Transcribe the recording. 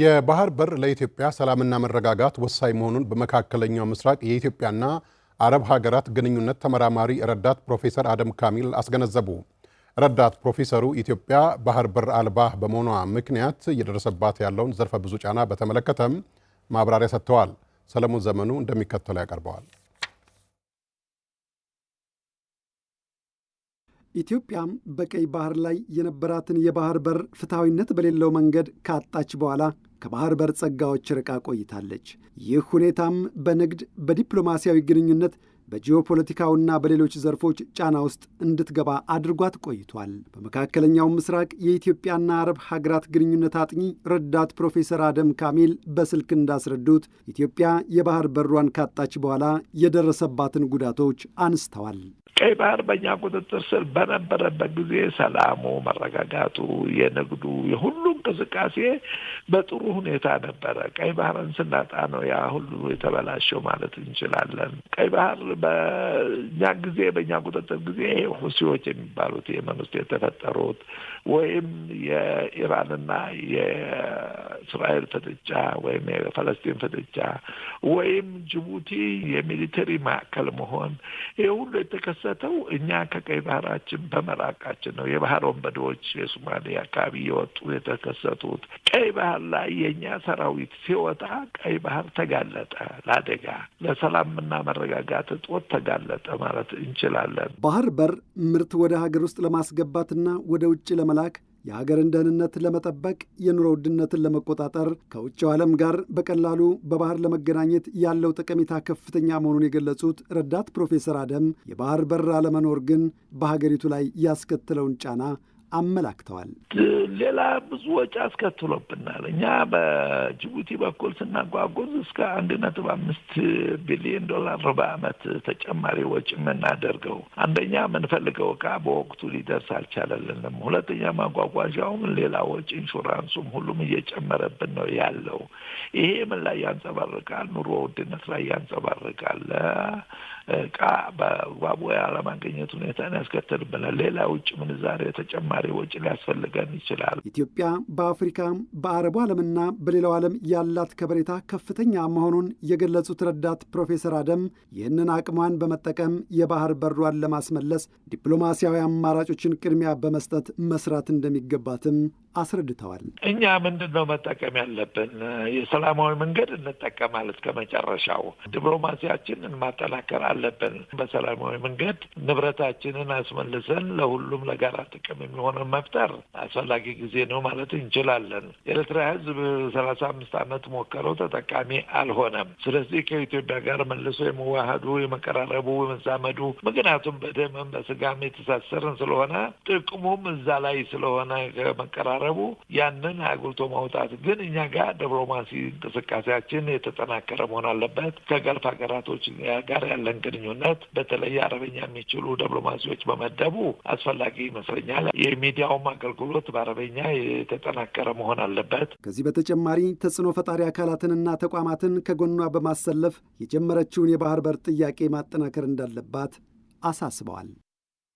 የባህር በር ለኢትዮጵያ ሰላምና መረጋጋት ወሳኝ መሆኑን በመካከለኛው ምስራቅ የኢትዮጵያና አረብ ሀገራት ግንኙነት ተመራማሪ ረዳት ፕሮፌሰር አደም ካሚል አስገነዘቡ። ረዳት ፕሮፌሰሩ ኢትዮጵያ ባህር በር አልባ በመሆኗ ምክንያት እየደረሰባት ያለውን ዘርፈ ብዙ ጫና በተመለከተም ማብራሪያ ሰጥተዋል። ሰለሞን ዘመኑ እንደሚከተለው ያቀርበዋል። ኢትዮጵያም በቀይ ባህር ላይ የነበራትን የባህር በር ፍትሐዊነት በሌለው መንገድ ካጣች በኋላ ከባህር በር ጸጋዎች ርቃ ቆይታለች። ይህ ሁኔታም በንግድ በዲፕሎማሲያዊ ግንኙነት በጂኦፖለቲካውና በሌሎች ዘርፎች ጫና ውስጥ እንድትገባ አድርጓት ቆይቷል። በመካከለኛው ምስራቅ የኢትዮጵያና አረብ ሀገራት ግንኙነት አጥኚ ረዳት ፕሮፌሰር አደም ካሚል በስልክ እንዳስረዱት ኢትዮጵያ የባህር በሯን ካጣች በኋላ የደረሰባትን ጉዳቶች አንስተዋል። ቀይ ባህር በእኛ ቁጥጥር ስር በነበረበት ጊዜ ሰላሙ፣ መረጋጋቱ፣ የንግዱ የሁሉ እንቅስቃሴ በጥሩ ሁኔታ ነበረ። ቀይ ባህርን ስናጣ ነው ያ ሁሉ የተበላሸው ማለት እንችላለን። ቀይ ባህር በእኛ ጊዜ በእኛ ቁጥጥር ጊዜ ሁሲዎች የሚባሉት የመን ውስጥ የተፈጠሩት ወይም የኢራንና የእስራኤል ፍጥጫ ወይም የፈለስጢን ፍጥጫ ወይም ጅቡቲ የሚሊተሪ ማዕከል መሆን ይህ ሁሉ የተከሰተው እኛ ከቀይ ባህራችን በመራቃችን ነው። የባህር ወንበዴዎች የሶማሌ አካባቢ የወጡ የተከሰ የተደሰቱት። ቀይ ባህር ላይ የእኛ ሰራዊት ሲወጣ ቀይ ባህር ተጋለጠ ለአደጋ፣ ለሰላምና መረጋጋት እጦት ተጋለጠ ማለት እንችላለን። ባህር በር ምርት ወደ ሀገር ውስጥ ለማስገባትና ወደ ውጭ ለመላክ የሀገርን ደህንነት ለመጠበቅ የኑሮ ውድነትን ለመቆጣጠር ከውጭው ዓለም ጋር በቀላሉ በባህር ለመገናኘት ያለው ጠቀሜታ ከፍተኛ መሆኑን የገለጹት ረዳት ፕሮፌሰር አደም የባህር በር አለመኖር ግን በሀገሪቱ ላይ ያስከትለውን ጫና አመላክተዋል። ሌላ ብዙ ወጪ አስከትሎብናል። እኛ በጅቡቲ በኩል ስናጓጉዝ እስከ አንድ ነጥብ አምስት ቢሊዮን ዶላር በዓመት ተጨማሪ ወጪ የምናደርገው አንደኛ የምንፈልገው እቃ በወቅቱ ሊደርስ አልቻለልንም። ሁለተኛ ማጓጓዣውም፣ ሌላ ወጪ፣ ኢንሹራንሱም ሁሉም እየጨመረብን ነው ያለው። ይሄ ምን ላይ ያንጸባርቃል? ኑሮ ውድነት ላይ ያንጸባርቃል። እቃ በአግባቡ ለማገኘት ሁኔታን ያስከትልብናል። ሌላ ውጭ ምንዛሬ ተጨማሪ ወጪ ሊያስፈልገን ይችላል። ኢትዮጵያ በአፍሪካ በአረቡ ዓለምና በሌላው ዓለም ያላት ከበሬታ ከፍተኛ መሆኑን የገለጹት ረዳት ፕሮፌሰር አደም ይህንን አቅሟን በመጠቀም የባህር በሯን ለማስመለስ ዲፕሎማሲያዊ አማራጮችን ቅድሚያ በመስጠት መስራት እንደሚገባትም አስረድተዋል። እኛ ምንድን ነው መጠቀም ያለብን? የሰላማዊ መንገድ እንጠቀም ከመጨረሻው ዲፕሎማሲያችንን ማጠናከር አለብን። በሰላማዊ መንገድ ንብረታችንን አስመልሰን ለሁሉም ለጋራ ጥቅም የሚሆነ መፍጠር አስፈላጊ ጊዜ ነው ማለት እንችላለን። የኤርትራ ሕዝብ ሰላሳ አምስት ዓመት ሞከረው፣ ተጠቃሚ አልሆነም። ስለዚህ ከኢትዮጵያ ጋር መልሶ የመዋሃዱ የመቀራረቡ፣ የመዛመዱ ምክንያቱም በደምም በስጋም የተሳሰርን ስለሆነ ጥቅሙም እዛ ላይ ስለሆነ ከመቀራረቡ ያንን አጉልቶ ማውጣት ግን እኛ ጋር ዲፕሎማሲ እንቅስቃሴያችን የተጠናከረ መሆን አለበት። ከገልፍ ሀገራቶች ጋር ያለን ግንኙነት በተለይ አረበኛ የሚችሉ ዲፕሎማሲዎች በመደቡ አስፈላጊ ይመስለኛል። የሚዲያውም አገልግሎት በአረበኛ የተጠናከረ መሆን አለበት። ከዚህ በተጨማሪ ተጽዕኖ ፈጣሪ አካላትንና ተቋማትን ከጎኗ በማሰለፍ የጀመረችውን የባህር በር ጥያቄ ማጠናከር እንዳለባት አሳስበዋል።